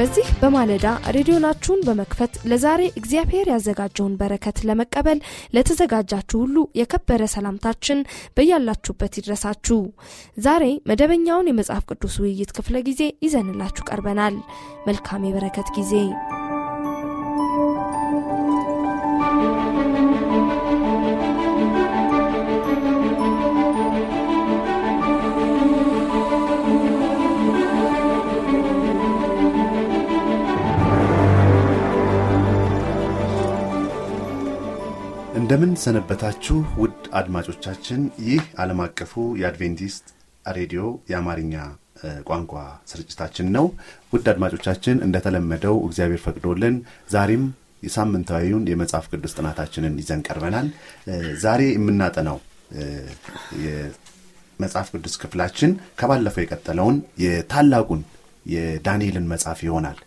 በዚህ በማለዳ ሬዲዮናችሁን በመክፈት ለዛሬ እግዚአብሔር ያዘጋጀውን በረከት ለመቀበል ለተዘጋጃችሁ ሁሉ የከበረ ሰላምታችን በያላችሁበት ይድረሳችሁ። ዛሬ መደበኛውን የመጽሐፍ ቅዱስ ውይይት ክፍለ ጊዜ ይዘንላችሁ ቀርበናል። መልካም የበረከት ጊዜ እንደምን ሰነበታችሁ ውድ አድማጮቻችን። ይህ ዓለም አቀፉ የአድቬንቲስት ሬዲዮ የአማርኛ ቋንቋ ስርጭታችን ነው። ውድ አድማጮቻችን እንደተለመደው እግዚአብሔር ፈቅዶልን ዛሬም የሳምንታዊውን የመጽሐፍ ቅዱስ ጥናታችንን ይዘን ቀርበናል። ዛሬ የምናጠናው የመጽሐፍ ቅዱስ ክፍላችን ከባለፈው የቀጠለውን የታላቁን የዳንኤልን መጽሐፍ ይሆናል።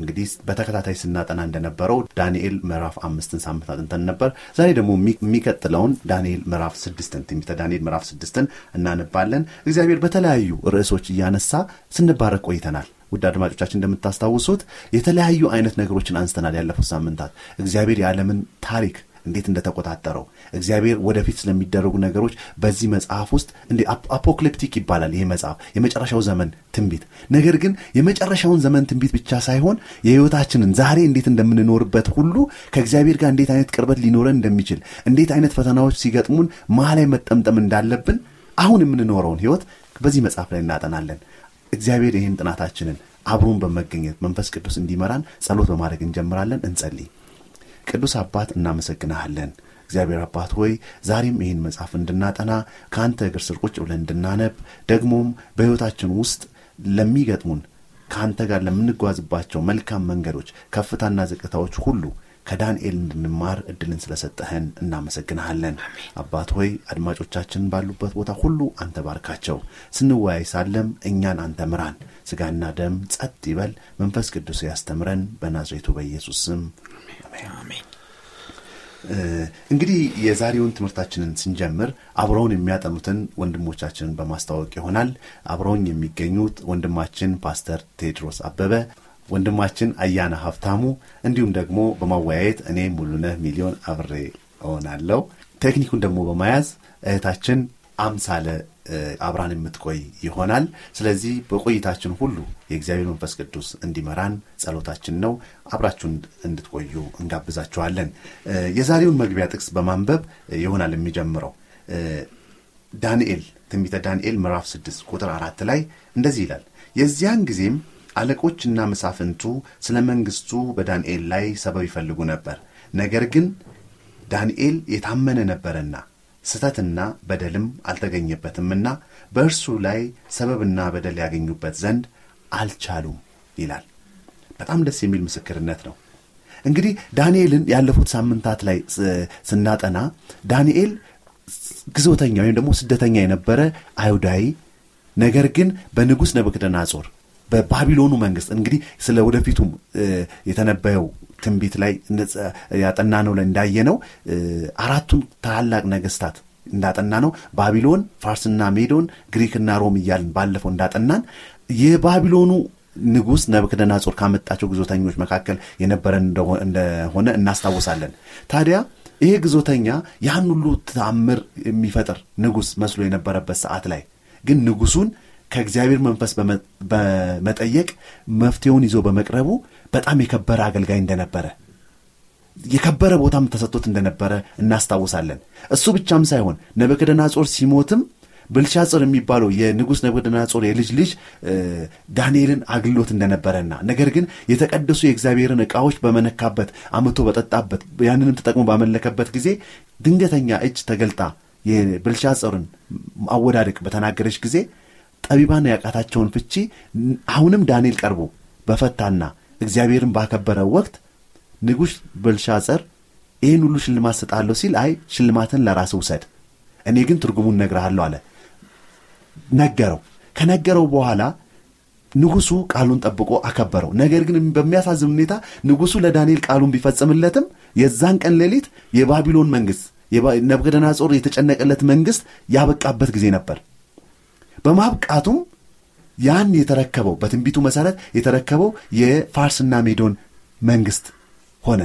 እንግዲህ በተከታታይ ስናጠና እንደነበረው ዳንኤል ምዕራፍ አምስትን ሳምንት አጥንተን ነበር። ዛሬ ደግሞ የሚቀጥለውን ዳንኤል ምዕራፍ ስድስትን ትንቢተ ዳንኤል ምዕራፍ ስድስትን እናነባለን። እግዚአብሔር በተለያዩ ርዕሶች እያነሳ ስንባረክ ቆይተናል። ውድ አድማጮቻችን እንደምታስታውሱት የተለያዩ አይነት ነገሮችን አንስተናል። ያለፉት ሳምንታት እግዚአብሔር የዓለምን ታሪክ እንዴት እንደተቆጣጠረው እግዚአብሔር ወደፊት ስለሚደረጉ ነገሮች በዚህ መጽሐፍ ውስጥ እንደ አፖክሊፕቲክ ይባላል። ይሄ መጽሐፍ የመጨረሻው ዘመን ትንቢት። ነገር ግን የመጨረሻውን ዘመን ትንቢት ብቻ ሳይሆን የህይወታችንን ዛሬ እንዴት እንደምንኖርበት ሁሉ ከእግዚአብሔር ጋር እንዴት አይነት ቅርበት ሊኖረን እንደሚችል እንዴት አይነት ፈተናዎች ሲገጥሙን መሀ ላይ መጠምጠም እንዳለብን አሁን የምንኖረውን ህይወት በዚህ መጽሐፍ ላይ እናጠናለን። እግዚአብሔር ይህን ጥናታችንን አብሮን በመገኘት መንፈስ ቅዱስ እንዲመራን ጸሎት በማድረግ እንጀምራለን። እንጸልይ። ቅዱስ አባት እናመሰግናሃለን። እግዚአብሔር አባት ሆይ ዛሬም ይህን መጽሐፍ እንድናጠና ከአንተ እግር ስር ቁጭ ብለን እንድናነብ ደግሞም በሕይወታችን ውስጥ ለሚገጥሙን ከአንተ ጋር ለምንጓዝባቸው መልካም መንገዶች ከፍታና ዝቅታዎች ሁሉ ከዳንኤል እንድንማር እድልን ስለሰጠህን እናመሰግንሃለን። አባት ሆይ አድማጮቻችን ባሉበት ቦታ ሁሉ አንተ ባርካቸው። ስንወያይ ሳለም እኛን አንተ ምራን። ስጋና ደም ጸጥ ይበል። መንፈስ ቅዱስ ያስተምረን። በናዝሬቱ በኢየሱስ ስም አሜን። እንግዲህ የዛሬውን ትምህርታችንን ስንጀምር አብረውን የሚያጠኑትን ወንድሞቻችንን በማስተዋወቅ ይሆናል። አብረውን የሚገኙት ወንድማችን ፓስተር ቴድሮስ አበበ፣ ወንድማችን አያና ሀብታሙ እንዲሁም ደግሞ በማወያየት እኔ ሙሉነህ ሚሊዮን አብሬ እሆናለሁ። ቴክኒኩን ደግሞ በመያዝ እህታችን አምሳለ አብራን የምትቆይ ይሆናል። ስለዚህ በቆይታችን ሁሉ የእግዚአብሔር መንፈስ ቅዱስ እንዲመራን ጸሎታችን ነው። አብራችሁን እንድትቆዩ እንጋብዛችኋለን። የዛሬውን መግቢያ ጥቅስ በማንበብ ይሆናል የሚጀምረው ዳንኤል ትንቢተ ዳንኤል ምዕራፍ 6 ቁጥር አራት ላይ እንደዚህ ይላል የዚያን ጊዜም አለቆችና መሳፍንቱ ስለ መንግስቱ በዳንኤል ላይ ሰበብ ይፈልጉ ነበር። ነገር ግን ዳንኤል የታመነ ነበረና ስተትና በደልም አልተገኘበትምና በእርሱ ላይ ሰበብና በደል ያገኙበት ዘንድ አልቻሉም ይላል። በጣም ደስ የሚል ምስክርነት ነው። እንግዲህ ዳንኤልን ያለፉት ሳምንታት ላይ ስናጠና ዳንኤል ግዞተኛ ወይም ደግሞ ስደተኛ የነበረ አይሁዳዊ ነገር ግን በንጉሥ ነብክደናጾር በባቢሎኑ መንግስት እንግዲህ ስለ ወደፊቱም የተነበየው ትንቢት ላይ ነው ላይ ነው አራቱን ታላላቅ ነገስታት እንዳጠና ነው ባቢሎን፣ ፋርስና ሜዶን፣ ግሪክና ሮም እያልን ባለፈው እንዳጠናን የባቢሎኑ ንጉሥ ጾር ካመጣቸው ግዞተኞች መካከል የነበረ እንደሆነ እናስታውሳለን። ታዲያ ይሄ ግዞተኛ ያን ሁሉ ተአምር የሚፈጥር ንጉሥ መስሎ የነበረበት ሰዓት ላይ ግን ንጉሱን ከእግዚአብሔር መንፈስ በመጠየቅ መፍትሄውን ይዞ በመቅረቡ በጣም የከበረ አገልጋይ እንደነበረ የከበረ ቦታም ተሰጥቶት እንደነበረ እናስታውሳለን። እሱ ብቻም ሳይሆን ጾር ሲሞትም ብልሻጽር የሚባለው የንጉሥ ነቡከደነጾር የልጅ ልጅ ዳንኤልን አግሎት እንደነበረና ነገር ግን የተቀደሱ የእግዚአብሔርን ዕቃዎች በመነካበት አምቶ በጠጣበት ያንንም ተጠቅሞ ባመለከበት ጊዜ ድንገተኛ እጅ ተገልጣ የብልሻጽርን አወዳደቅ በተናገረች ጊዜ ጠቢባን ያቃታቸውን ፍቺ አሁንም ዳንኤል ቀርቦ በፈታና እግዚአብሔርን ባከበረው ወቅት ንጉሥ በልሻጸር ይህን ሁሉ ሽልማት ሰጣለሁ ሲል አይ ሽልማትን ለራስ ውሰድ፣ እኔ ግን ትርጉሙን ነግረሃለሁ አለ። ነገረው። ከነገረው በኋላ ንጉሱ ቃሉን ጠብቆ አከበረው። ነገር ግን በሚያሳዝን ሁኔታ ንጉሱ ለዳንኤል ቃሉን ቢፈጽምለትም የዛን ቀን ሌሊት የባቢሎን መንግስት ነብከደናጾር የተጨነቀለት መንግስት ያበቃበት ጊዜ ነበር። በማብቃቱም ያን የተረከበው በትንቢቱ መሰረት የተረከበው የፋርስና ሜዶን መንግስት ሆነ።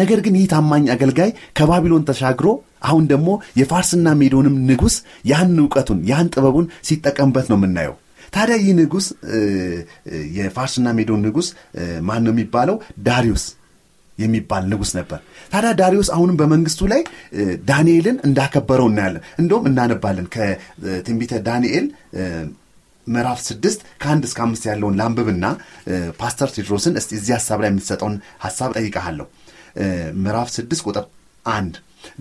ነገር ግን ይህ ታማኝ አገልጋይ ከባቢሎን ተሻግሮ አሁን ደግሞ የፋርስና ሜዶንም ንጉሥ ያን እውቀቱን ያን ጥበቡን ሲጠቀምበት ነው የምናየው። ታዲያ ይህ ንጉሥ የፋርስና ሜዶን ንጉሥ ማን ነው የሚባለው? ዳሪዮስ የሚባል ንጉስ ነበር። ታዲያ ዳሪዮስ አሁንም በመንግስቱ ላይ ዳንኤልን እንዳከበረው እናያለን። እንደውም እናነባለን ከትንቢተ ዳንኤል ምዕራፍ ስድስት ከአንድ እስከ አምስት ያለውን ላንብብና ፓስተር ቴድሮስን እስቲ እዚህ ሀሳብ ላይ የምትሰጠውን ሀሳብ ጠይቀሃለሁ። ምዕራፍ ስድስት ቁጥር አንድ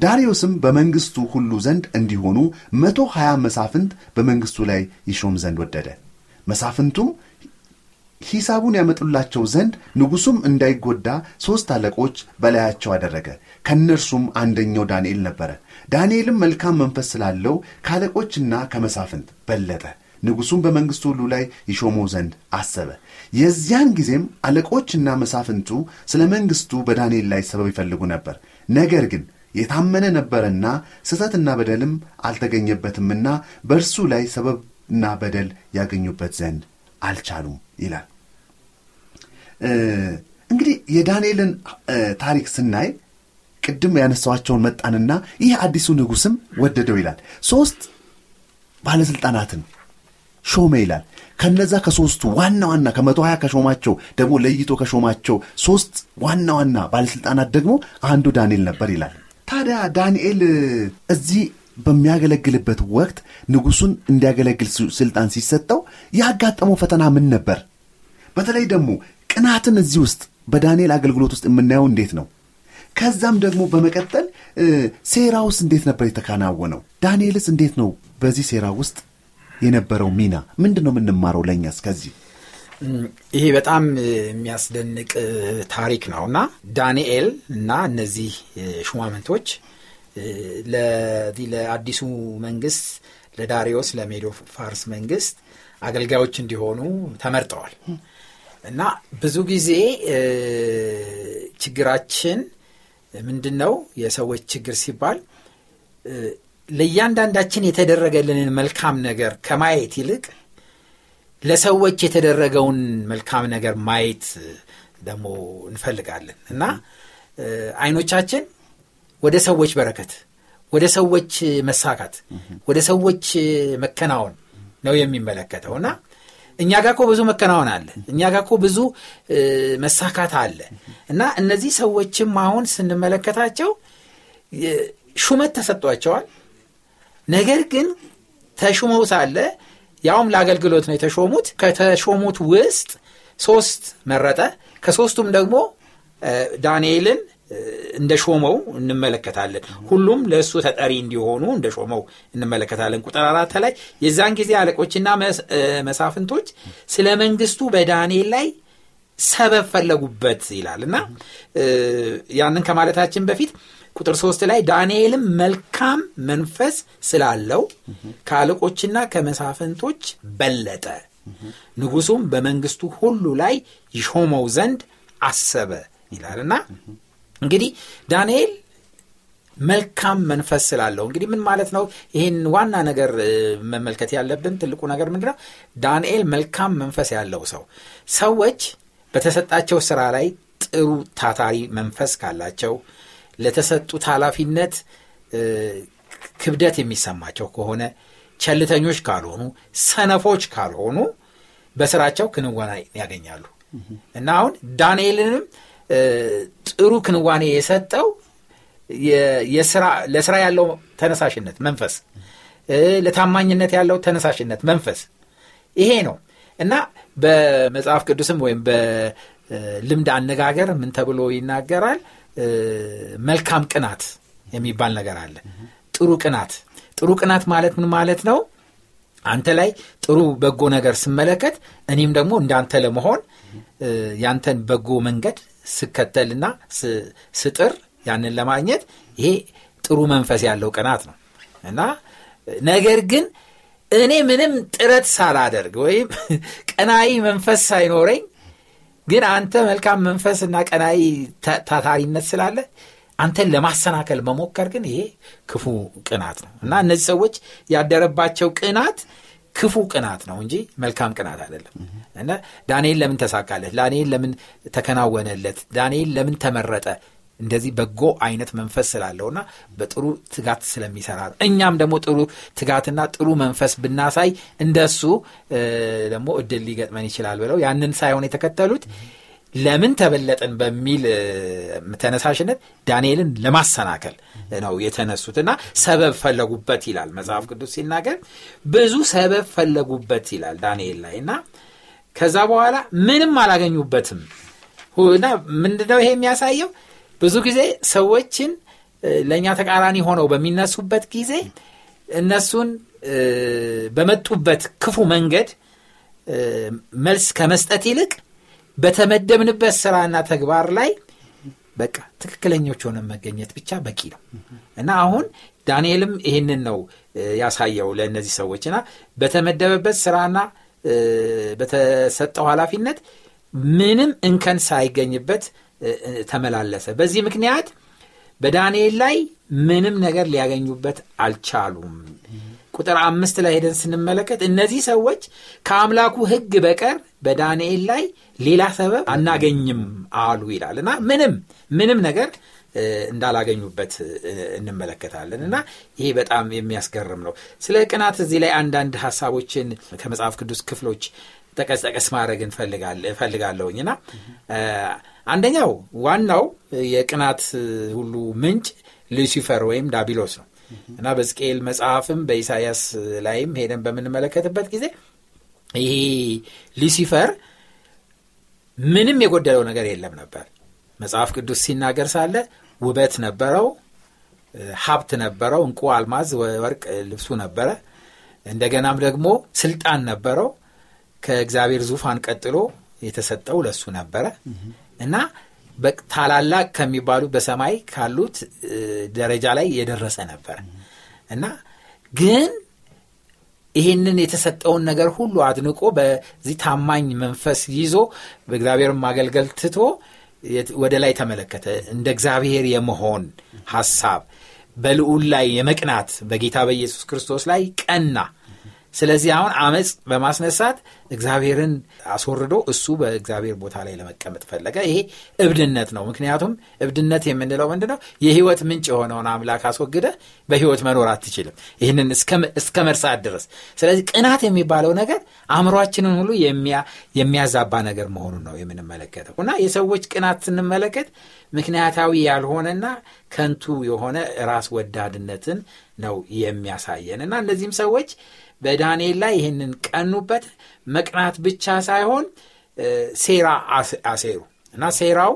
ዳሪዮስም በመንግስቱ ሁሉ ዘንድ እንዲሆኑ መቶ ሀያ መሳፍንት በመንግስቱ ላይ ይሾም ዘንድ ወደደ። መሳፍንቱም ሂሳቡን ያመጡላቸው ዘንድ ንጉሡም እንዳይጎዳ ሦስት አለቆች በላያቸው አደረገ። ከእነርሱም አንደኛው ዳንኤል ነበረ። ዳንኤልም መልካም መንፈስ ስላለው ከአለቆችና ከመሳፍንት በለጠ። ንጉሡም በመንግሥቱ ሁሉ ላይ ይሾመው ዘንድ አሰበ። የዚያን ጊዜም አለቆችና መሳፍንቱ ስለ መንግሥቱ በዳንኤል ላይ ሰበብ ይፈልጉ ነበር። ነገር ግን የታመነ ነበረና ስህተትና በደልም አልተገኘበትምና በእርሱ ላይ ሰበብና በደል ያገኙበት ዘንድ አልቻሉም ይላል። እንግዲህ የዳንኤልን ታሪክ ስናይ ቅድም ያነሳዋቸውን መጣንና ይህ አዲሱ ንጉስም ወደደው ይላል ሶስት ባለስልጣናትን ሾመ ይላል ከነዛ ከሶስቱ ዋና ዋና ከመቶ ሀያ ከሾማቸው ደግሞ ለይቶ ከሾማቸው ሶስት ዋና ዋና ባለስልጣናት ደግሞ አንዱ ዳንኤል ነበር ይላል ታዲያ ዳንኤል እዚህ በሚያገለግልበት ወቅት ንጉሱን እንዲያገለግል ስልጣን ሲሰጠው ያጋጠመው ፈተና ምን ነበር በተለይ ደግሞ ቅናትን እዚህ ውስጥ በዳንኤል አገልግሎት ውስጥ የምናየው እንዴት ነው? ከዛም ደግሞ በመቀጠል ሴራ ውስጥ እንዴት ነበር የተከናወነው? ዳንኤልስ እንዴት ነው በዚህ ሴራ ውስጥ የነበረው ሚና ምንድን ነው የምንማረው? ለእኛ እስከዚህ ይሄ በጣም የሚያስደንቅ ታሪክ ነው እና ዳንኤል እና እነዚህ ሹማምንቶች ለአዲሱ መንግስት ለዳሪዮስ ለሜዶ ፋርስ መንግስት አገልጋዮች እንዲሆኑ ተመርጠዋል። እና ብዙ ጊዜ ችግራችን ምንድን ነው? የሰዎች ችግር ሲባል ለእያንዳንዳችን የተደረገልንን መልካም ነገር ከማየት ይልቅ ለሰዎች የተደረገውን መልካም ነገር ማየት ደግሞ እንፈልጋለን እና አይኖቻችን ወደ ሰዎች በረከት፣ ወደ ሰዎች መሳካት፣ ወደ ሰዎች መከናወን ነው የሚመለከተው እና እኛ ጋር ኮ ብዙ መከናወን አለ፣ እኛ ጋር ኮ ብዙ መሳካት አለ እና እነዚህ ሰዎችም አሁን ስንመለከታቸው ሹመት ተሰጥቷቸዋል። ነገር ግን ተሹመው ሳለ ያውም ለአገልግሎት ነው የተሾሙት። ከተሾሙት ውስጥ ሶስት መረጠ። ከሶስቱም ደግሞ ዳንኤልን እንደ ሾመው እንመለከታለን። ሁሉም ለእሱ ተጠሪ እንዲሆኑ እንደ ሾመው እንመለከታለን። ቁጥር አራት ላይ የዛን ጊዜ አለቆችና መሳፍንቶች ስለ መንግስቱ በዳንኤል ላይ ሰበብ ፈለጉበት ይላል እና ያንን ከማለታችን በፊት ቁጥር ሶስት ላይ ዳንኤልም መልካም መንፈስ ስላለው ከአለቆችና ከመሳፍንቶች በለጠ፣ ንጉሱም በመንግስቱ ሁሉ ላይ ይሾመው ዘንድ አሰበ ይላልና እንግዲህ ዳንኤል መልካም መንፈስ ስላለው እንግዲህ ምን ማለት ነው? ይህን ዋና ነገር መመልከት ያለብን ትልቁ ነገር ምንድነው? ዳንኤል መልካም መንፈስ ያለው ሰው ሰዎች በተሰጣቸው ስራ ላይ ጥሩ ታታሪ መንፈስ ካላቸው ለተሰጡት ኃላፊነት ክብደት የሚሰማቸው ከሆነ ቸልተኞች ካልሆኑ፣ ሰነፎች ካልሆኑ በስራቸው ክንወና ያገኛሉ እና አሁን ዳንኤልንም ጥሩ ክንዋኔ የሰጠው ለስራ ያለው ተነሳሽነት መንፈስ፣ ለታማኝነት ያለው ተነሳሽነት መንፈስ ይሄ ነው እና በመጽሐፍ ቅዱስም ወይም በልምድ አነጋገር ምን ተብሎ ይናገራል? መልካም ቅናት የሚባል ነገር አለ። ጥሩ ቅናት ጥሩ ቅናት ማለት ምን ማለት ነው? አንተ ላይ ጥሩ በጎ ነገር ስመለከት እኔም ደግሞ እንዳንተ ለመሆን ያንተን በጎ መንገድ ስከተልና ስጥር ያንን ለማግኘት ይሄ ጥሩ መንፈስ ያለው ቅናት ነው እና ነገር ግን እኔ ምንም ጥረት ሳላደርግ ወይም ቀናይ መንፈስ ሳይኖረኝ ግን አንተ መልካም መንፈስ እና ቀናይ ታታሪነት ስላለ አንተን ለማሰናከል መሞከር ግን ይሄ ክፉ ቅናት ነው እና እነዚህ ሰዎች ያደረባቸው ቅናት ክፉ ቅናት ነው እንጂ መልካም ቅናት አይደለም። እና ዳንኤል ለምን ተሳካለት? ዳንኤል ለምን ተከናወነለት? ዳንኤል ለምን ተመረጠ? እንደዚህ በጎ አይነት መንፈስ ስላለውና በጥሩ ትጋት ስለሚሰራ ነው። እኛም ደግሞ ጥሩ ትጋትና ጥሩ መንፈስ ብናሳይ እንደሱ ደግሞ እድል ሊገጥመን ይችላል ብለው ያንን ሳይሆን የተከተሉት ለምን ተበለጥን በሚል ተነሳሽነት ዳንኤልን ለማሰናከል ነው የተነሱት እና ሰበብ ፈለጉበት ይላል መጽሐፍ ቅዱስ ሲናገር ብዙ ሰበብ ፈለጉበት ይላል ዳንኤል ላይ እና ከዛ በኋላ ምንም አላገኙበትም እና ምንድነው ይሄ የሚያሳየው ብዙ ጊዜ ሰዎችን ለእኛ ተቃራኒ ሆነው በሚነሱበት ጊዜ እነሱን በመጡበት ክፉ መንገድ መልስ ከመስጠት ይልቅ በተመደብንበት ስራና ተግባር ላይ በቃ ትክክለኞች ሆነ መገኘት ብቻ በቂ ነው እና አሁን ዳንኤልም ይህንን ነው ያሳየው ለእነዚህ ሰዎች እና በተመደበበት ስራና በተሰጠው ኃላፊነት ምንም እንከን ሳይገኝበት ተመላለሰ በዚህ ምክንያት በዳንኤል ላይ ምንም ነገር ሊያገኙበት አልቻሉም ቁጥር አምስት ላይ ሄደን ስንመለከት እነዚህ ሰዎች ከአምላኩ ህግ በቀር በዳንኤል ላይ ሌላ ሰበብ አናገኝም አሉ ይላል እና ምንም ምንም ነገር እንዳላገኙበት እንመለከታለን እና ይሄ በጣም የሚያስገርም ነው። ስለ ቅናት እዚህ ላይ አንዳንድ ሀሳቦችን ከመጽሐፍ ቅዱስ ክፍሎች ጠቀስ ጠቀስ ማድረግ እፈልጋለሁኝ እና አንደኛው ዋናው የቅናት ሁሉ ምንጭ ሉሲፈር ወይም ዳቢሎስ ነው እና በዝቅኤል መጽሐፍም በኢሳያስ ላይም ሄደን በምንመለከትበት ጊዜ ይሄ ሊሲፈር ምንም የጎደለው ነገር የለም ነበር። መጽሐፍ ቅዱስ ሲናገር ሳለ ውበት ነበረው፣ ሀብት ነበረው፣ እንቁ፣ አልማዝ፣ ወርቅ ልብሱ ነበረ። እንደገናም ደግሞ ስልጣን ነበረው። ከእግዚአብሔር ዙፋን ቀጥሎ የተሰጠው ለሱ ነበረ እና ታላላቅ ከሚባሉ በሰማይ ካሉት ደረጃ ላይ የደረሰ ነበረ እና ግን ይህንን የተሰጠውን ነገር ሁሉ አድንቆ በዚህ ታማኝ መንፈስ ይዞ በእግዚአብሔር ማገልገል ትቶ ወደ ላይ ተመለከተ እንደ እግዚአብሔር የመሆን ሐሳብ በልዑል ላይ የመቅናት በጌታ በኢየሱስ ክርስቶስ ላይ ቀና ስለዚህ አሁን አመፅ በማስነሳት እግዚአብሔርን አስወርዶ እሱ በእግዚአብሔር ቦታ ላይ ለመቀመጥ ፈለገ። ይሄ እብድነት ነው። ምክንያቱም እብድነት የምንለው ምንድነው ነው? የህይወት ምንጭ የሆነውን አምላክ አስወግደ በህይወት መኖር አትችልም፣ ይህንን እስከ መርሳት ድረስ። ስለዚህ ቅናት የሚባለው ነገር አእምሯችንን ሁሉ የሚያዛባ ነገር መሆኑን ነው የምንመለከተው እና የሰዎች ቅናት ስንመለከት ምክንያታዊ ያልሆነና ከንቱ የሆነ ራስ ወዳድነትን ነው የሚያሳየን እና እነዚህም ሰዎች በዳንኤል ላይ ይህንን ቀኑበት። መቅናት ብቻ ሳይሆን ሴራ አሴሩ እና ሴራው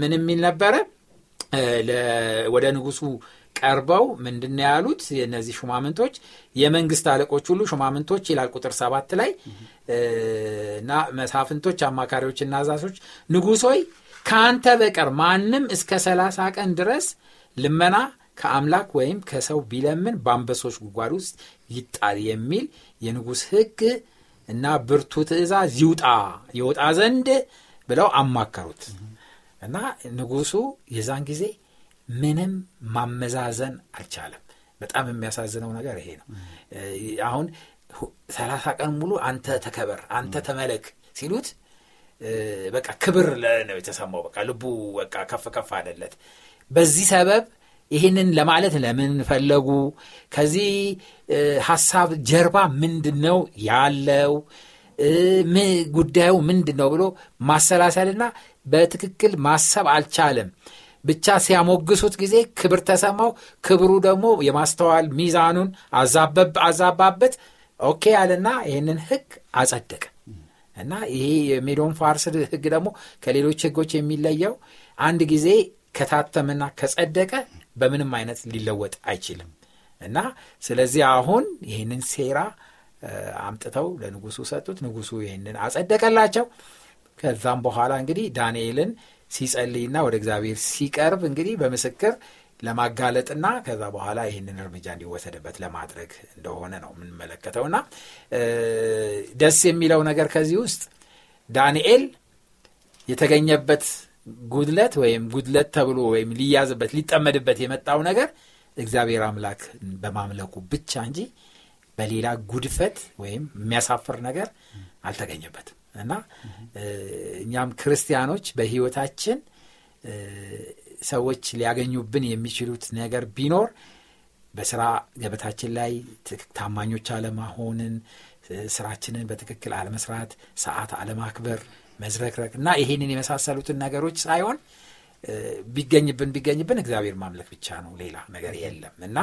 ምን የሚል ነበረ? ወደ ንጉሱ ቀርበው ምንድን ያሉት እነዚህ ሹማምንቶች የመንግስት አለቆች ሁሉ ሹማምንቶች ይላል ቁጥር ሰባት ላይ እና መሳፍንቶች፣ አማካሪዎችና አዛዦች ንጉሶይ ከአንተ በቀር ማንም እስከ ሰላሳ ቀን ድረስ ልመና ከአምላክ ወይም ከሰው ቢለምን በአንበሶች ጉድጓድ ውስጥ ይጣል የሚል የንጉሥ ሕግ እና ብርቱ ትእዛዝ ይውጣ ይወጣ ዘንድ ብለው አማከሩት እና ንጉሱ የዛን ጊዜ ምንም ማመዛዘን አልቻለም። በጣም የሚያሳዝነው ነገር ይሄ ነው። አሁን ሰላሳ ቀን ሙሉ አንተ ተከበር፣ አንተ ተመለክ ሲሉት በቃ ክብር ነው የተሰማው። በቃ ልቡ በቃ ከፍ ከፍ አለለት። በዚህ ሰበብ ይህንን ለማለት ለምን ፈለጉ? ከዚህ ሐሳብ ጀርባ ምንድን ነው ያለው ጉዳዩ ምንድን ነው ብሎ ማሰላሰልና በትክክል ማሰብ አልቻለም። ብቻ ሲያሞግሱት ጊዜ ክብር ተሰማው። ክብሩ ደግሞ የማስተዋል ሚዛኑን አዛባበት። ኦኬ ያለና ይህንን ህግ አጸደቀ እና ይሄ የሜዶን ፋርስ ህግ ደግሞ ከሌሎች ህጎች የሚለየው አንድ ጊዜ ከታተምና ከጸደቀ በምንም አይነት ሊለወጥ አይችልም እና ስለዚህ አሁን ይህንን ሴራ አምጥተው ለንጉሱ ሰጡት። ንጉሱ ይህንን አጸደቀላቸው። ከዛም በኋላ እንግዲህ ዳንኤልን ሲጸልይና ወደ እግዚአብሔር ሲቀርብ እንግዲህ በምስክር ለማጋለጥና ከዛ በኋላ ይህንን እርምጃ እንዲወሰድበት ለማድረግ እንደሆነ ነው የምንመለከተው እና ደስ የሚለው ነገር ከዚህ ውስጥ ዳንኤል የተገኘበት ጉድለት ወይም ጉድለት ተብሎ ወይም ሊያዝበት ሊጠመድበት የመጣው ነገር እግዚአብሔር አምላክ በማምለኩ ብቻ እንጂ በሌላ ጉድፈት ወይም የሚያሳፍር ነገር አልተገኘበትም እና እኛም ክርስቲያኖች በህይወታችን ሰዎች ሊያገኙብን የሚችሉት ነገር ቢኖር በስራ ገበታችን ላይ ታማኞች አለማሆንን ስራችንን በትክክል አለመስራት ሰዓት አለማክበር መዝረክረክ እና ይሄንን የመሳሰሉትን ነገሮች ሳይሆን ቢገኝብን ቢገኝብን እግዚአብሔር ማምለክ ብቻ ነው ሌላ ነገር የለም እና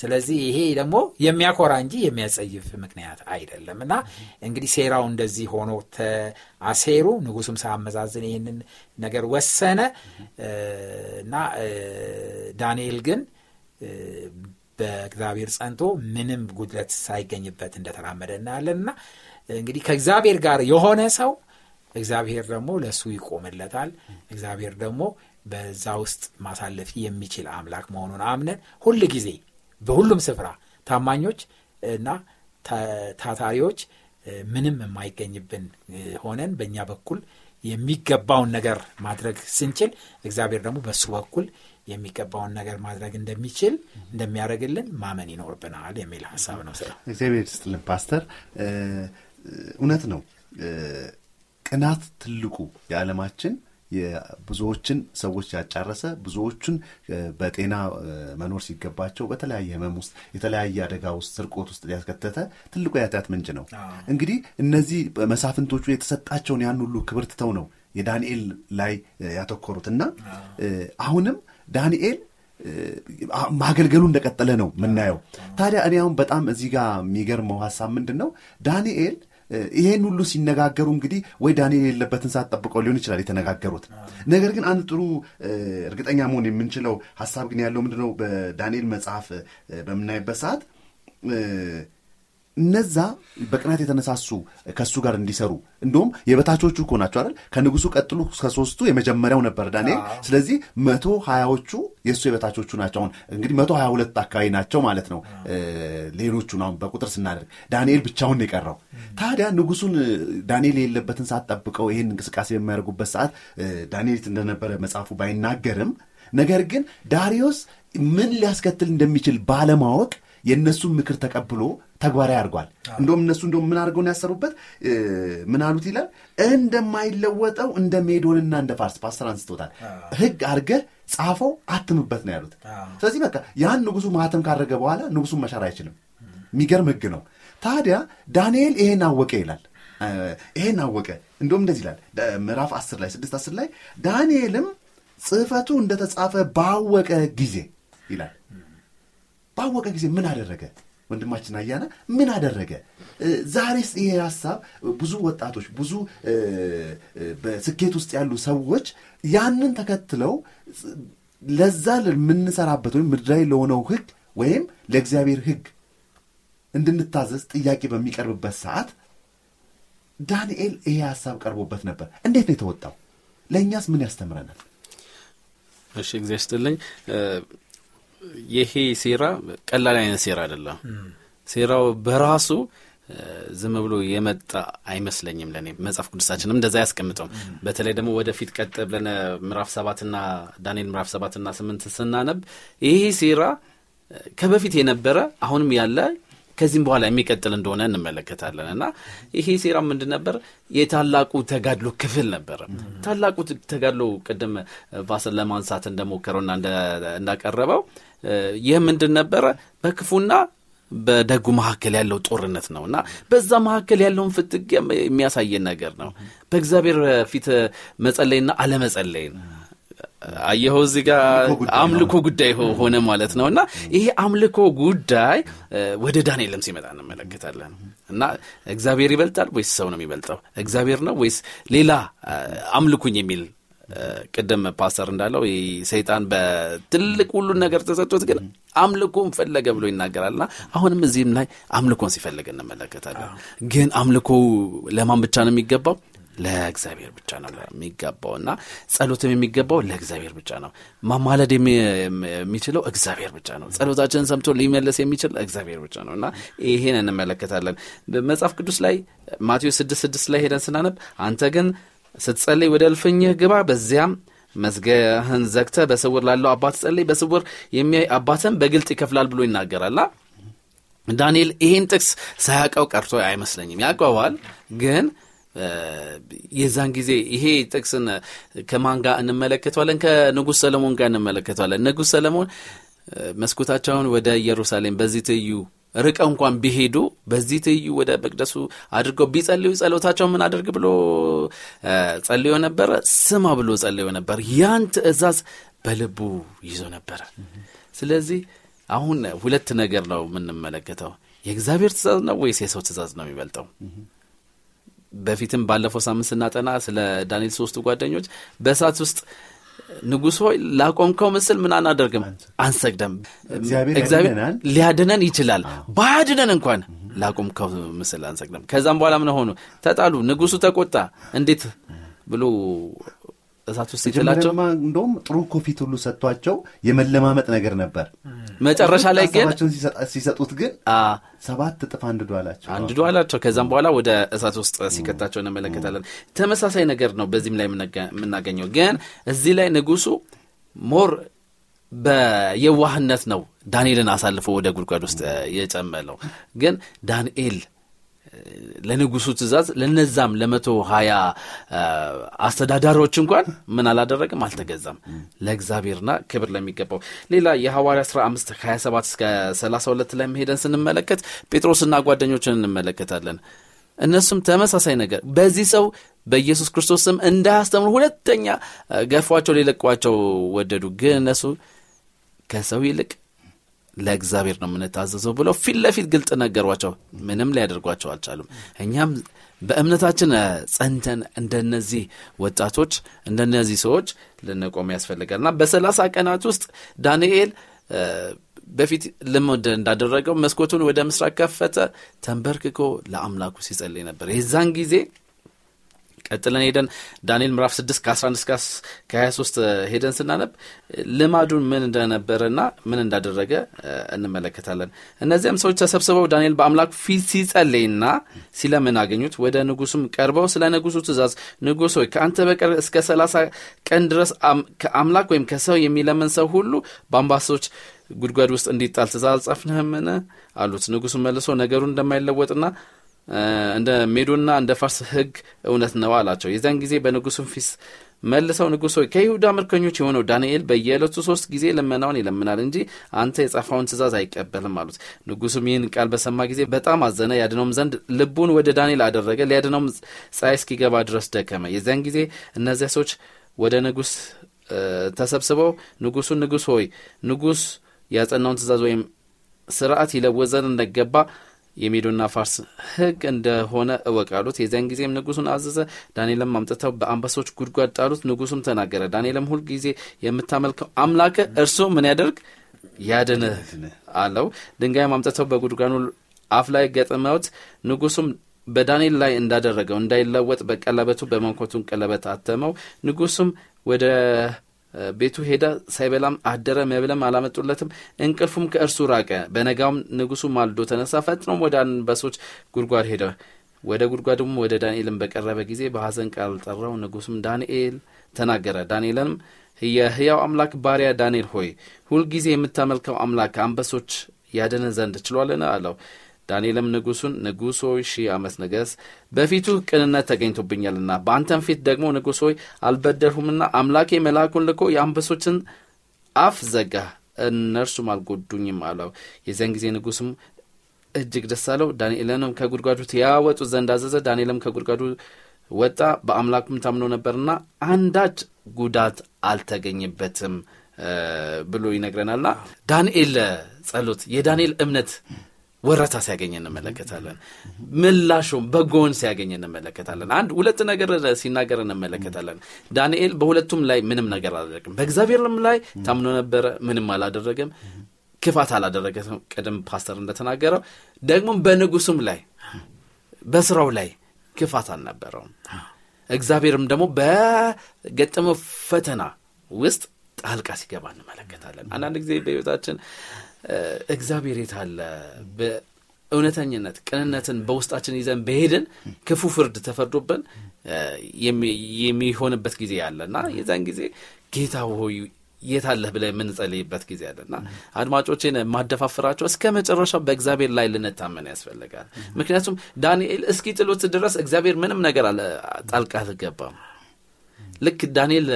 ስለዚህ ይሄ ደግሞ የሚያኮራ እንጂ የሚያጸይፍ ምክንያት አይደለም እና እንግዲህ ሴራው እንደዚህ ሆኖ አሴሩ ንጉሱም ሳያመዛዝን ይህንን ነገር ወሰነ እና ዳንኤል ግን በእግዚአብሔር ጸንቶ ምንም ጉድለት ሳይገኝበት እንደተራመደ እናያለን እና እንግዲህ ከእግዚአብሔር ጋር የሆነ ሰው እግዚአብሔር ደግሞ ለእሱ ይቆምለታል። እግዚአብሔር ደግሞ በዛ ውስጥ ማሳለፍ የሚችል አምላክ መሆኑን አምነን ሁል ጊዜ በሁሉም ስፍራ ታማኞች እና ታታሪዎች ምንም የማይገኝብን ሆነን በእኛ በኩል የሚገባውን ነገር ማድረግ ስንችል እግዚአብሔር ደግሞ በእሱ በኩል የሚገባውን ነገር ማድረግ እንደሚችል እንደሚያደርግልን ማመን ይኖርብናል የሚል ሀሳብ ነው። ስራ እግዚአብሔር ስጥልን ፓስተር፣ እውነት ነው። ቅናት ትልቁ የዓለማችን ብዙዎችን ሰዎች ያጫረሰ ብዙዎቹን በጤና መኖር ሲገባቸው በተለያየ ህመም ውስጥ የተለያየ አደጋ ውስጥ ስርቆት ውስጥ ሊያስከተተ ትልቁ የኃጢአት ምንጭ ነው። እንግዲህ እነዚህ መሳፍንቶቹ የተሰጣቸውን ያን ሁሉ ክብር ትተው ነው የዳንኤል ላይ ያተኮሩት እና አሁንም ዳንኤል ማገልገሉ እንደቀጠለ ነው የምናየው። ታዲያ እኔ አሁን በጣም እዚህ ጋር የሚገርመው ሀሳብ ምንድን ነው ዳንኤል ይሄን ሁሉ ሲነጋገሩ እንግዲህ ወይ ዳንኤል የሌለበትን ሰዓት ጠብቀው ሊሆን ይችላል የተነጋገሩት። ነገር ግን አንድ ጥሩ እርግጠኛ መሆን የምንችለው ሀሳብ ግን ያለው ምንድነው በዳንኤል መጽሐፍ በምናይበት ሰዓት እነዛ በቅናት የተነሳሱ ከእሱ ጋር እንዲሰሩ እንዲሁም የበታቾቹ እኮ ናቸው አይደል? ከንጉሱ ቀጥሎ ከሶስቱ የመጀመሪያው ነበር ዳንኤል። ስለዚህ መቶ ሀያዎቹ የእሱ የበታቾቹ ናቸው። አሁን እንግዲህ መቶ ሀያ ሁለት አካባቢ ናቸው ማለት ነው። ሌሎቹን አሁን በቁጥር ስናደርግ ዳንኤል ብቻውን የቀረው ታዲያ ንጉሱን ዳንኤል የሌለበትን ሰዓት ጠብቀው ይህን እንቅስቃሴ በሚያደርጉበት ሰዓት ዳንኤል እንደነበረ መጽሐፉ ባይናገርም ነገር ግን ዳሪዮስ ምን ሊያስከትል እንደሚችል ባለማወቅ የእነሱን ምክር ተቀብሎ ተግባራዊ አድርጓል። እንደም እነሱ እንደም ምን አድርገው ያሰሩበት? ምን አሉት ይላል እንደማይለወጠው እንደ ሜዶንና እንደ ፋርስ ፓስተር አንስቶታል። ህግ አድርገህ ጻፈው አትምበት ነው ያሉት። ስለዚህ በቃ ያን ንጉሱ ማህተም ካረገ በኋላ ንጉሱን መሻር አይችልም። የሚገርም ህግ ነው። ታዲያ ዳንኤል ይሄን አወቀ ይላል። ይሄን አወቀ እንደም እንደዚህ ይላል ምዕራፍ 10 ላይ 6 10 ላይ ዳንኤልም ጽህፈቱ እንደተጻፈ ባወቀ ጊዜ ይላል። ባወቀ ጊዜ ምን አደረገ? ወንድማችን አያና ምን አደረገ? ዛሬስ ይሄ ሀሳብ ብዙ ወጣቶች ብዙ በስኬት ውስጥ ያሉ ሰዎች ያንን ተከትለው ለዛ የምንሰራበት ወይም ምድራዊ ለሆነው ህግ ወይም ለእግዚአብሔር ህግ እንድንታዘዝ ጥያቄ በሚቀርብበት ሰዓት ዳንኤል ይሄ ሀሳብ ቀርቦበት ነበር። እንዴት ነው የተወጣው? ለእኛስ ምን ያስተምረናል? እሺ፣ እግዚአብሔር ይሄ ሴራ ቀላል አይነት ሴራ አይደለም። ሴራው በራሱ ዝም ብሎ የመጣ አይመስለኝም። ለእኔ መጽሐፍ ቅዱሳችንም እንደዛ ያስቀምጠውም በተለይ ደግሞ ወደፊት ቀጥ ብለን ምዕራፍ ሰባትና ዳንኤል ምራፍ ሰባትና ስምንት ስናነብ ይሄ ሴራ ከበፊት የነበረ አሁንም ያለ ከዚህም በኋላ የሚቀጥል እንደሆነ እንመለከታለን እና ይሄ ሴራ ምንድን ነበር? የታላቁ ተጋድሎ ክፍል ነበረ። ታላቁ ተጋድሎ ቅድም ባስን ለማንሳት እንደሞከረውና እንዳቀረበው ይህ ምንድን ነበረ? በክፉና በደጉ መካከል ያለው ጦርነት ነው እና በዛ መካከል ያለውን ፍትግ የሚያሳየን ነገር ነው። በእግዚአብሔር ፊት መጸለይና አለመጸለይን አየኸው እዚህ ጋር አምልኮ ጉዳይ ሆነ ማለት ነው እና ይሄ አምልኮ ጉዳይ ወደ ዳንኤልም ሲመጣ እንመለከታለን እና እግዚአብሔር ይበልጣል ወይስ ሰው ነው የሚበልጠው? እግዚአብሔር ነው ወይስ ሌላ አምልኩኝ የሚል ቅድም ፓስተር እንዳለው ሰይጣን በትልቅ ሁሉን ነገር ተሰጥቶት ግን አምልኮን ፈለገ ብሎ ይናገራልና አሁንም እዚህም ላይ አምልኮን ሲፈልግ እንመለከታለን። ግን አምልኮ ለማን ብቻ ነው የሚገባው? ለእግዚአብሔር ብቻ ነው የሚገባው እና ጸሎትም የሚገባው ለእግዚአብሔር ብቻ ነው። ማማለድ የሚችለው እግዚአብሔር ብቻ ነው። ጸሎታችንን ሰምቶ ሊመለስ የሚችል እግዚአብሔር ብቻ ነው እና ይሄን እንመለከታለን መጽሐፍ ቅዱስ ላይ ማቴዎስ ስድስት ስድስት ላይ ሄደን ስናነብ አንተ ግን ስትጸልይ ወደ እልፍኝህ ግባ በዚያም መዝገህን ዘግተ በስውር ላለው አባት ጸልይ በስውር የሚያይ አባትን በግልጥ ይከፍላል ብሎ ይናገራላ ዳንኤል ይህን ጥቅስ ሳያውቀው ቀርቶ አይመስለኝም ያቀዋል። ግን የዛን ጊዜ ይሄ ጥቅስን ከማን ጋር እንመለከተዋለን ከንጉሥ ሰለሞን ጋር እንመለከተዋለን ንጉሥ ሰለሞን መስኮታቸውን ወደ ኢየሩሳሌም በዚህ ትዩ ርቀ እንኳን ቢሄዱ በዚህ ትይዩ ወደ መቅደሱ አድርገው ቢጸልዩ ጸሎታቸው ምን አድርግ ብሎ ጸልዮ ነበረ፣ ስማ ብሎ ጸልዮ ነበር። ያን ትእዛዝ በልቡ ይዞ ነበረ። ስለዚህ አሁን ሁለት ነገር ነው የምንመለከተው። የእግዚአብሔር ትእዛዝ ነው ወይስ የሰው ትእዛዝ ነው የሚበልጠው? በፊትም ባለፈው ሳምንት ስናጠና ስለ ዳንኤል ሶስቱ ጓደኞች በእሳት ውስጥ ንጉሥ ሆይ ላቆምከው ምስል ምን አናደርግም፣ አንሰግደም። እግዚአብሔር ሊያድነን ይችላል። ባያድነን እንኳን ላቆምከው ምስል አንሰግደም። ከዛም በኋላ ምን ሆኑ? ተጣሉ። ንጉሱ ተቆጣ። እንዴት ብሎ እሳት ውስጥ ይጥላቸው። እንደውም ጥሩ ኮፊት ሁሉ ሰጥቷቸው የመለማመጥ ነገር ነበር። መጨረሻ ላይ ግን ሲሰጡት ግን ሰባት እጥፍ አንድዶ አላቸው አንድዶ አላቸው። ከዛም በኋላ ወደ እሳት ውስጥ ሲከታቸው እንመለከታለን። ተመሳሳይ ነገር ነው በዚህም ላይ የምናገኘው። ግን እዚህ ላይ ንጉሱ ሞር በየዋህነት ነው ዳንኤልን አሳልፎ ወደ ጉድጓድ ውስጥ የጨመለው። ግን ዳንኤል ለንጉሱ ትእዛዝ ለነዛም ለመቶ ሀያ አስተዳዳሪዎች እንኳን ምን አላደረግም አልተገዛም ለእግዚአብሔርና ክብር ለሚገባው ሌላ የሐዋርያ 15 27 እስከ 32 ላይ መሄደን ስንመለከት ጴጥሮስና ጓደኞችን እንመለከታለን እነሱም ተመሳሳይ ነገር በዚህ ሰው በኢየሱስ ክርስቶስ ስም እንዳያስተምሩ ሁለተኛ ገፏቸው ሊለቋቸው ወደዱ ግን እነሱ ከሰው ይልቅ ለእግዚአብሔር ነው የምንታዘዘው ብለው ፊት ለፊት ግልጥ ነገሯቸው ምንም ሊያደርጓቸው አልቻሉም እኛም በእምነታችን ጸንተን እንደነዚህ ወጣቶች እንደነዚህ ሰዎች ልንቆም ያስፈልጋል እና በሰላሳ ቀናት ውስጥ ዳንኤል በፊት ልምድ እንዳደረገው መስኮቱን ወደ ምስራቅ ከፈተ ተንበርክኮ ለአምላኩ ሲጸልይ ነበር የዛን ጊዜ ቀጥለን ሄደን ዳንኤል ምዕራፍ 6 ከ11 እስከ 23 ሄደን ስናነብ ልማዱን ምን እንደነበረና ምን እንዳደረገ እንመለከታለን። እነዚያም ሰዎች ተሰብስበው ዳንኤል በአምላክ ፊት ሲጸልይና ሲለምን አገኙት። ወደ ንጉሱም ቀርበው ስለ ንጉሱ ትእዛዝ፣ ንጉሥ ሆይ ከአንተ በቀር እስከ 30 ቀን ድረስ ከአምላክ ወይም ከሰው የሚለምን ሰው ሁሉ በአምባሶች ጉድጓድ ውስጥ እንዲጣል ትእዛዝ ጸፍንህምን አሉት። ንጉሱ መልሶ ነገሩን እንደማይለወጥና እንደ ሜዶና እንደ ፋርስ ህግ እውነት ነው አላቸው። የዚያን ጊዜ በንጉሱም ፊስ መልሰው ንጉሶ ከይሁዳ ምርኮኞች የሆነው ዳንኤል በየዕለቱ ሶስት ጊዜ ልመናውን ይለምናል እንጂ አንተ የጻፈውን ትእዛዝ አይቀበልም አሉት። ንጉሱም ይህን ቃል በሰማ ጊዜ በጣም አዘነ። ያድነውም ዘንድ ልቡን ወደ ዳንኤል አደረገ። ሊያድነውም ፀሐይ እስኪገባ ድረስ ደከመ። የዚያን ጊዜ እነዚያ ሰዎች ወደ ንጉስ ተሰብስበው ንጉሱን ንጉስ ሆይ ንጉስ ያጸናውን ትእዛዝ ወይም ስርዓት ይለወዘን እንደገባ የሜዶና ፋርስ ህግ እንደሆነ እወቅ አሉት። የዚያን ጊዜም ንጉሱን አዘዘ። ዳንኤልም አምጥተው በአንበሶች ጉድጓድ ጣሉት። ንጉሱም ተናገረ። ዳንኤልም ሁልጊዜ የምታመልከው አምላክ እርሱ ምን ያደርግ ያድንህ አለው። ድንጋይም አምጥተው በጉድጓኑ አፍ ላይ ገጥመውት ንጉሱም በዳንኤል ላይ እንዳደረገው እንዳይለወጥ በቀለበቱ በመንኮቱን ቀለበት አተመው። ንጉሱም ወደ ቤቱ ሄደ፣ ሳይበላም አደረ፣ መብለም አላመጡለትም፣ እንቅልፉም ከእርሱ ራቀ። በነጋውም ንጉሱ ማልዶ ተነሳ፣ ፈጥኖም ወደ አንበሶች ጉድጓድ ሄደ። ወደ ጉድጓድም ወደ ዳንኤልም በቀረበ ጊዜ በሐዘን ቃል ጠራው። ንጉሱም ዳንኤል ተናገረ። ዳንኤልንም የሕያው አምላክ ባሪያ ዳንኤል ሆይ ሁልጊዜ የምታመልከው አምላክ አንበሶች ያደነ ዘንድ ችሏልን? አለው። ዳንኤልም ንጉሱን ንጉሶ ሆይ ሺህ ዓመት ንገስ፣ በፊቱ ቅንነት ተገኝቶብኛልና በአንተም ፊት ደግሞ ንጉሥ ሆይ አልበደልሁምና አምላኬ መልአኩን ልኮ የአንበሶችን አፍ ዘጋ እነርሱም አልጎዱኝም አለው። የዚያን ጊዜ ንጉስም እጅግ ደስ አለው። ዳንኤልንም ከጉድጓዱ ያወጡ ዘንድ አዘዘ። ዳንኤልም ከጉድጓዱ ወጣ፣ በአምላኩም ታምኖ ነበርና አንዳች ጉዳት አልተገኘበትም ብሎ ይነግረናልና ዳንኤል ጸሎት የዳንኤል እምነት ወረታ ሲያገኝ እንመለከታለን። ምላሹም በጎን ሲያገኝ እንመለከታለን። አንድ ሁለት ነገር ሲናገር እንመለከታለን። ዳንኤል በሁለቱም ላይ ምንም ነገር አላደረግም። በእግዚአብሔርም ላይ ታምኖ ነበረ፣ ምንም አላደረገም፣ ክፋት አላደረገም። ቅድም ፓስተር እንደተናገረው ደግሞ በንጉሱም ላይ በስራው ላይ ክፋት አልነበረውም። እግዚአብሔርም ደግሞ በገጠመው ፈተና ውስጥ ጣልቃ ሲገባ እንመለከታለን። አንዳንድ ጊዜ በህይወታችን እግዚአብሔር የታለ በእውነተኝነት እውነተኝነት ቅንነትን በውስጣችን ይዘን በሄድን ክፉ ፍርድ ተፈርዶብን የሚሆንበት ጊዜ አለና የዛን ጊዜ ጌታ ሆይ የታለህ ብለ ብለን የምንጸልይበት ጊዜ አለና አድማጮቼን ማደፋፍራቸው እስከ መጨረሻው በእግዚአብሔር ላይ ልንታመን ያስፈልጋል። ምክንያቱም ዳንኤል እስኪ ጥሎት ድረስ እግዚአብሔር ምንም ነገር ጣልቃ አልገባም። ልክ ዳንኤል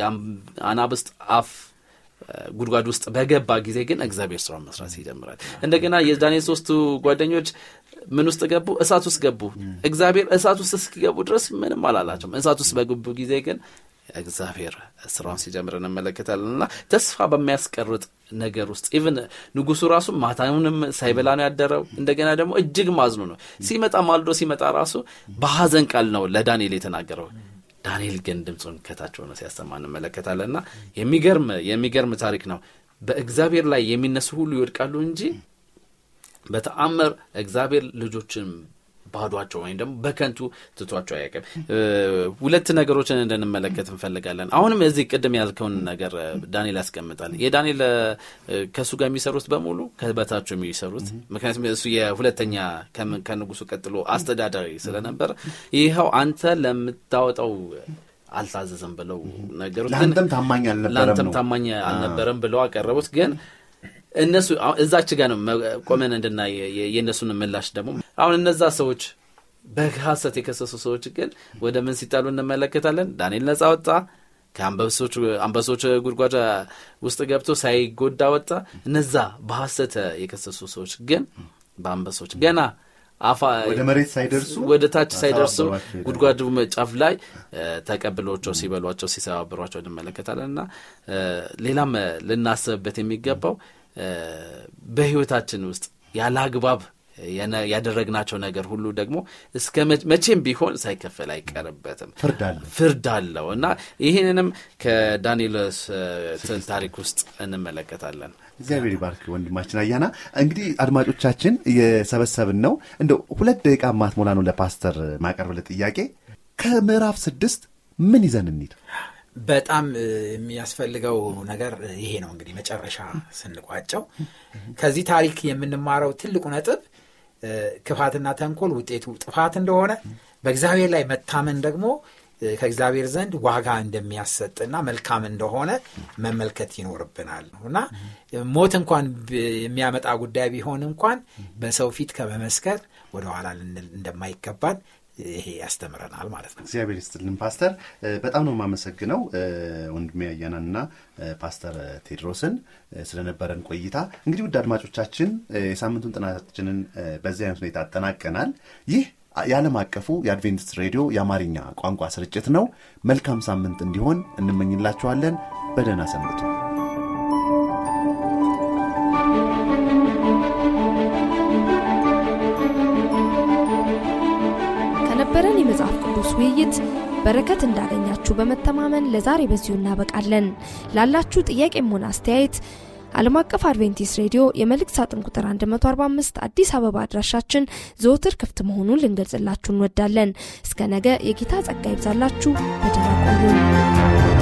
የአናብስት አፍ ጉድጓድ ውስጥ በገባ ጊዜ ግን እግዚአብሔር ስራውን መስራት ይጀምራል። እንደገና የዳንኤል ሶስቱ ጓደኞች ምን ውስጥ ገቡ? እሳት ውስጥ ገቡ። እግዚአብሔር እሳት ውስጥ እስኪገቡ ድረስ ምንም አላላቸውም። እሳት ውስጥ በገቡ ጊዜ ግን እግዚአብሔር ስራውን ሲጀምር እንመለከታለን እና ተስፋ በሚያስቀርጥ ነገር ውስጥ ኢቭን ንጉሱ ራሱ ማታውንም ሳይበላ ነው ያደረው። እንደገና ደግሞ እጅግ ማዝኑ ነው። ሲመጣ ማልዶ ሲመጣ ራሱ በሐዘን ቃል ነው ለዳንኤል የተናገረው ዳንኤል ግን ድምፁን ከታች ሆነ ሲያሰማ እንመለከታለን። ና የሚገርም የሚገርም ታሪክ ነው። በእግዚአብሔር ላይ የሚነሱ ሁሉ ይወድቃሉ እንጂ በተአምር እግዚአብሔር ልጆችን ባዷቸው ወይም ደግሞ በከንቱ ትቷቸው አያውቅም። ሁለት ነገሮችን እንድንመለከት እንፈልጋለን። አሁንም እዚህ ቅድም ያልከውን ነገር ዳንኤል ያስቀምጣል። የዳንኤል ከእሱ ጋር የሚሰሩት በሙሉ ከበታቸው የሚሰሩት ምክንያቱም እሱ የሁለተኛ ከንጉሱ ቀጥሎ አስተዳዳሪ ስለነበር ይኸው አንተ ለምታወጣው አልታዘዘም ብለው ነገሩት። ለአንተም ታማኝ አልነበረም ብለው አቀረቡት ግን እነሱ እዛች ጋር ነው ቆመን እንድና የእነሱን ምላሽ ደግሞ አሁን እነዛ ሰዎች በሀሰት የከሰሱ ሰዎች ግን ወደ ምን ሲጣሉ እንመለከታለን። ዳንኤል ነጻ ወጣ። ከአንበሶች ጉድጓድ ውስጥ ገብቶ ሳይጎዳ ወጣ። እነዛ በሀሰት የከሰሱ ሰዎች ግን በአንበሶች ገና አፋ ወደ መሬት ሳይደርሱ ወደ ታች ሳይደርሱ ጉድጓድ ጫፍ ላይ ተቀብሎቸው ሲበሏቸው ሲሰባብሯቸው እንመለከታለን እና ሌላም ልናስብበት የሚገባው በህይወታችን ውስጥ ያለ አግባብ ያደረግናቸው ነገር ሁሉ ደግሞ እስከ መቼም ቢሆን ሳይከፈል አይቀርበትም፣ ፍርድ አለው እና ይህንንም ከዳንኤል ታሪክ ውስጥ እንመለከታለን። እግዚአብሔር ይባርክ ወንድማችን አያና። እንግዲህ አድማጮቻችን የሰበሰብን ነው እንደ ሁለት ደቂቃ ማትሞላ ነው ለፓስተር ማቀርብልህ ጥያቄ ከምዕራፍ ስድስት ምን ይዘን እንሂድ? በጣም የሚያስፈልገው ነገር ይሄ ነው እንግዲህ መጨረሻ ስንቋጨው ከዚህ ታሪክ የምንማረው ትልቁ ነጥብ ክፋትና ተንኮል ውጤቱ ጥፋት እንደሆነ በእግዚአብሔር ላይ መታመን ደግሞ ከእግዚአብሔር ዘንድ ዋጋ እንደሚያሰጥና መልካም እንደሆነ መመልከት ይኖርብናል እና ሞት እንኳን የሚያመጣ ጉዳይ ቢሆን እንኳን በሰው ፊት ከመመስከር ወደኋላ እንደማይገባን ይሄ ያስተምረናል ማለት ነው። እግዚአብሔር ይስጥልን ፓስተር፣ በጣም ነው የማመሰግነው ወንድሜ አያናንና ፓስተር ቴድሮስን ስለነበረን ቆይታ። እንግዲህ ውድ አድማጮቻችን የሳምንቱን ጥናታችንን በዚህ አይነት ሁኔታ አጠናቀናል። ይህ የዓለም አቀፉ የአድቬንትስ ሬዲዮ የአማርኛ ቋንቋ ስርጭት ነው። መልካም ሳምንት እንዲሆን እንመኝላችኋለን። በደህና ሰንብቱ። ውይይት በረከት እንዳገኛችሁ በመተማመን ለዛሬ በዚሁ እናበቃለን። ላላችሁ ጥያቄም ሆነ አስተያየት ዓለም አቀፍ አድቬንቲስት ሬዲዮ የመልእክት ሳጥን ቁጥር 145 አዲስ አበባ አድራሻችን ዘወትር ክፍት መሆኑን ልንገልጽላችሁ እንወዳለን። እስከ ነገ የጌታ ጸጋ ይብዛላችሁ። በደህና ቆዩ።